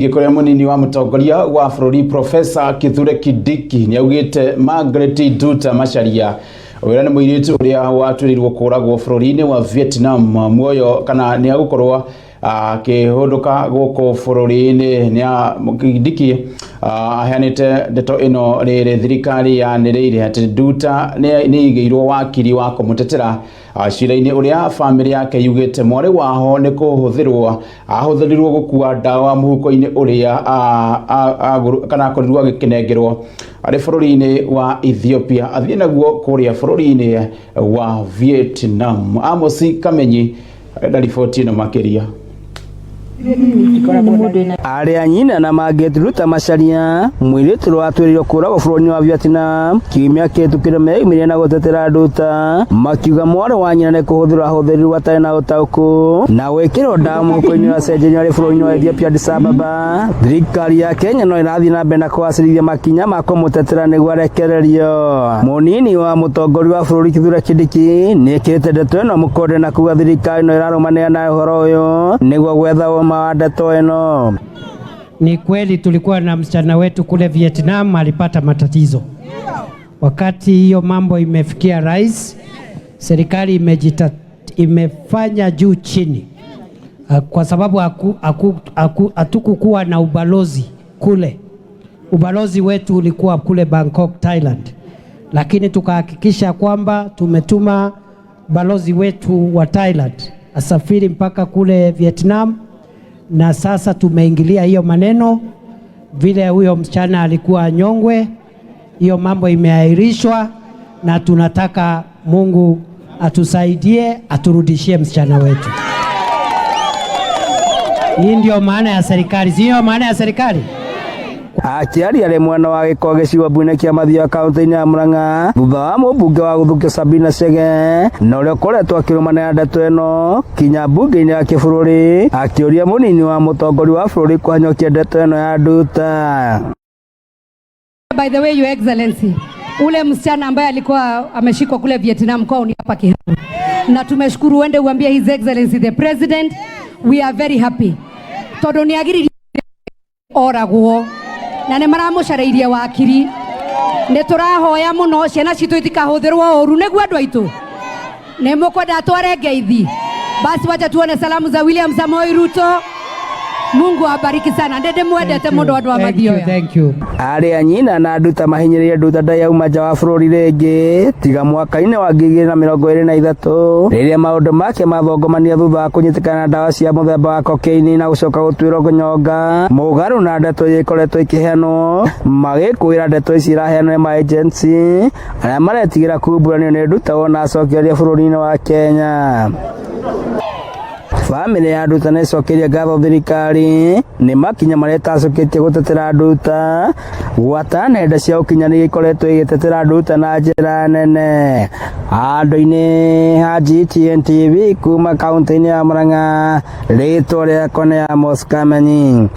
Gikuria munini wa mutongoria wa bururi Profesa Kithure Kindiki niaugite Margaret Duta Macharia wira ni muiritu uria waturirwo kuragwo bururi-ini wa Vietnam muoyo kana niagukorwo akihunduka guku bururi-ini kidiki Ah, aheanite ndeto ino riri thirikari yaniriire ati Nduta ni igiirwo wakiri wa kumutetera ah, cira-ini uria famiri yake yugite mwari waho ni kuhuthirwo ahuthirirwo gukua ndawa muhuko-ini uria ah, kana akorirwo agikinengerwo ari bururi-ini wa Ethiopia athii naguo kuria bururi-ini wa Vietnam Amosi Kamenyi enda riboti makiria a nyina na ruta macaria mwiritu rwatwirirwo kuragwo bururi-ini wa Vietnam kiumia kitukire meyumirie na gutetera nduta makiuga mwarä wa nyina nĩ kũhũthĩrwo ahũthĩrirwo atarĩ na ũtaũkũ na gwĩkĩrwo ndawa mũhuko-inĩ wa cenjenywo arĩ bururi-ini wa Ethiopia Addis thirikari ya Kenya no rathiä na mbere na kũgacĩrithia makinya ma nä guo arekererio mũnini wa mũtongoria wa ri kithura Kindiki nĩkĩrĩte ndeto må konde na kuga thirikari no ĩrarũmanĩrĩra na yå nä guo gwetha mawada toeno. Ni kweli tulikuwa na msichana wetu kule Vietnam alipata matatizo. Wakati hiyo mambo imefikia rais, serikali imejita, imefanya juu chini, ah, kwa sababu hatukukuwa na ubalozi kule. Ubalozi wetu ulikuwa kule Bangkok, Thailand, lakini tukahakikisha kwamba tumetuma balozi wetu wa Thailand asafiri mpaka kule Vietnam na sasa tumeingilia hiyo maneno. Vile huyo msichana alikuwa nyongwe, hiyo mambo imeahirishwa, na tunataka Mungu atusaidie aturudishie msichana wetu. Hii ndio maana ya serikali, si ndio maana ya serikali? aciari arĩ mwena wa gĩko gĩcigo mbũinĩ kia mathioya kaũntĩ-inĩ ya Murang'a thutha wa mũmbunge wa gũthũkia Sabina Chege na ũrĩa ũkoretwo akĩrũmanĩra ndeto ĩno kinya mbunge-inĩ ya kĩbũrũri akiuria munini wa mũtongoria wa bũrũri kũhanyũkia ndeto ĩno ya Nduta. By the way, your excellency, ule msichana ambaye alikuwa ameshikwa kule Vietnam kwao ni hapa Kiharu, na tumeshukuru. Uende uambie his excellency the president we are very happy tondu niagiririe oragwo na nä wa wakiri nä tå rahoya må no ciana citå thä rwo å ru nä guo andå aitå nä må kwenda tware ngeithi basi wacha tuone salamu za William samoi Ruto Mungu abariki sana ndende mwendete muno andu a mathio aria nyina na andu ta mahinyiriria nduta ndayauma nja wa bururi ringi tiga mwaka-ini wa ngiri igiri na mirongo iri na ithatu riria maundu make mathongomania thutha wa kunyitikana na ndawa cia muthemba wa kokeini na gucoka gutwirwo kunyonga mugaru na ndeto ikoretwo ikiheanwo magikwira ndeto ici iraheanwo ni maagensi aria maretigira kumburanio ni nduta wona acokeria bururi-ini wa Kenya bamĩrĩ ya nduta nĩ ĩcokeire ngatho thirikari nĩ makinya marĩa ĩtacũkĩtie gũtetera nduta gwata nenda cia ũkinyanĩria ikoretwo igĩtetera nduta na njĩra nene handũ-inĩ ha GTN TV kuma kaunti-inĩ ya Murang'a rĩtwa rĩakwa nĩ ya Kamenyi